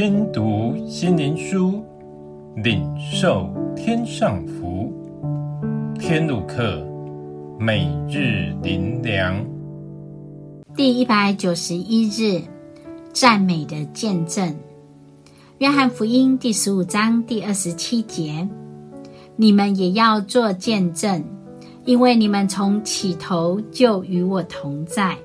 聽讀心靈書，領受天上福。天路客，每日靈糧。第一百九十一日，讚美的見證。約翰福音第十五章第二十七節：你們也要作見證，因為你們從起頭就與我同在。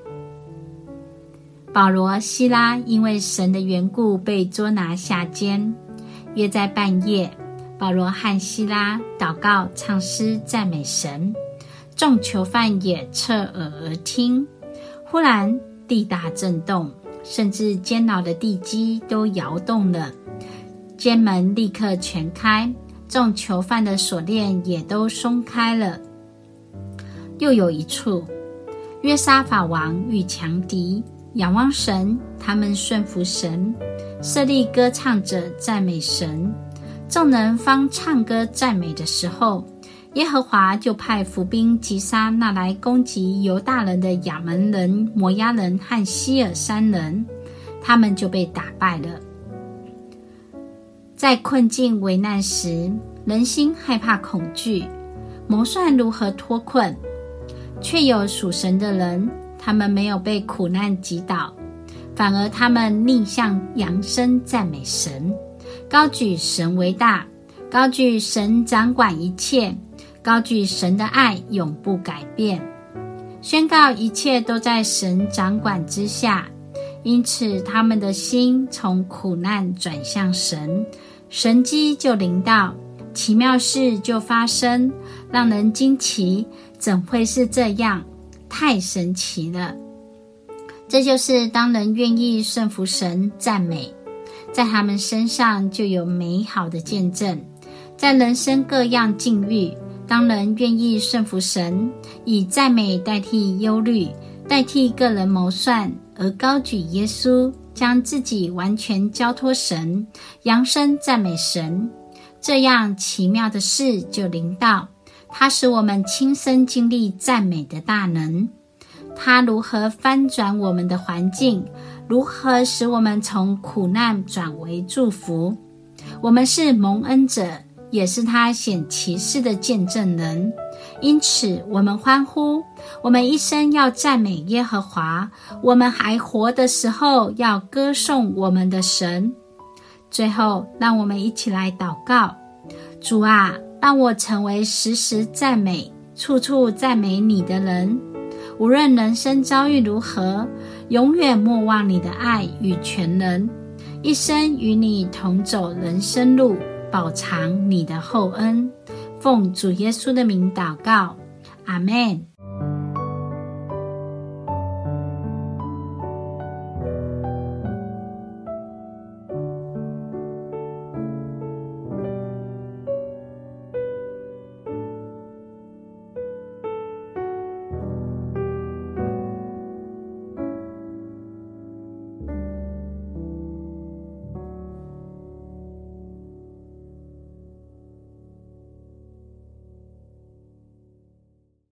保羅、西拉因為神的緣故被捉拿下監，約在半夜，保羅和西拉禱告、唱詩、讚美神，眾囚犯也側耳而聽。忽然地大震動，甚至監牢的地基都搖動了，監門立刻全開，眾囚犯的鎖鏈也都鬆開了。又有一處，約沙法王遇強敵，仰望神，他們順服神，設立歌唱者讚美神。眾人方唱歌讚美的時候，耶和華就派伏兵擊殺那來攻擊猶大人的亞捫人、摩押人和西珥山人，他們就被打敗了。在困境危難時，人心害怕恐懼，謀算如何脫困，卻有屬神的人。他們沒有被苦難擊倒，反而他們逆向揚聲讚美神，高舉神為大，高舉神掌管一切，高舉神的愛永不改變，宣告一切都在神掌管之下。因此，他們的心從苦難轉向神，神蹟就臨到，奇妙事就發生，讓人驚奇。怎會是這樣？太神奇了！這就是當人願意順服神，讚美，在他們身上就有美好的見證。在人生各樣境遇，當人願意順服神，以讚美代替憂慮，代替個人謀算，而高舉耶穌，將自己完全交託神，揚聲讚美神，這樣奇妙的事就臨到。他使我們親身經歷讚美的大能，他如何翻轉我們的環境，如何使我們從苦難轉為祝福。我們是蒙恩者，也是他顯奇事的見證人。因此，我們歡呼，我們一生要讚美耶和華，我們還活的時候要歌頌我們的神。最後，讓我們一起來禱告：主啊。讓我成為時時讚美、處處讚美你的人。無論人生遭遇如何，永遠莫忘你的愛與權能。一生與你同走人生路，飽嘗你的厚恩。奉主耶穌的名禱告，阿們。